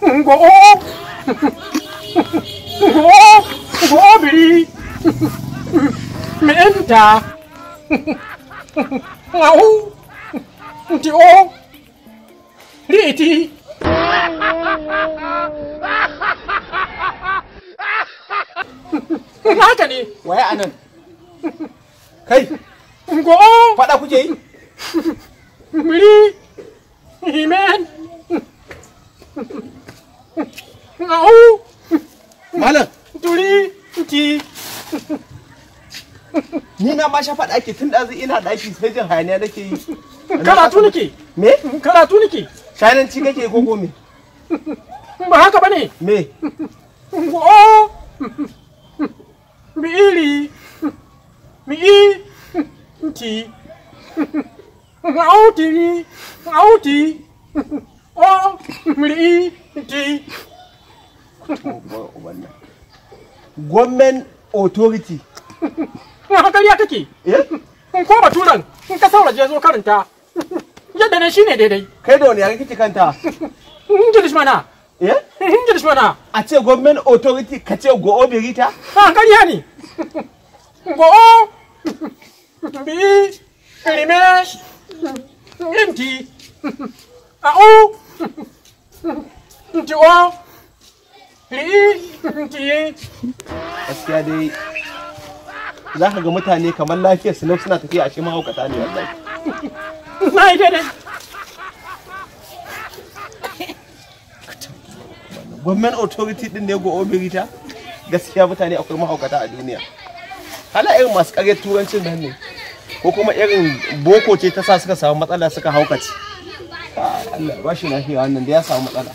gỗ gỗ gỗ bị mến trà chị ô, đi thì lá chả đi quẻ anh ơi khi gỗ phải đọc cái gì đi mẹ malam turi ki ni na ma shafa daki tun ɗazu ina daki sai jin hayaniya nake yi karatu nake me karatu nake shananci kake ko me ba haka ba ne. me o bi'iri mi'i ti auti auti o mi'i ti Gwamnan authority. Hankali ya kake? Eh? Ko baturan in ka sauraje zo karanta. Yadda ne shine daidai. Kai da wani yare kike kanta? English mana. Eh? English mana. A ce gwamnan authority ka ce go obirita? Hankali ah, ya ne. Go bi rime. inti o. nti o gaskiya dai za ka ga mutane kamar lafiyar su suna tafiya a shi mahaukata ne wallahi na yi dai gwamnan authority din ne go obirita gaskiya mutane akwai mahaukata a duniya hala irin masu karyar turancin nan ne ko kuma irin boko ce ta sa suka samu matsala suka haukace Allah ba shi lafiya wannan da ya samu matsala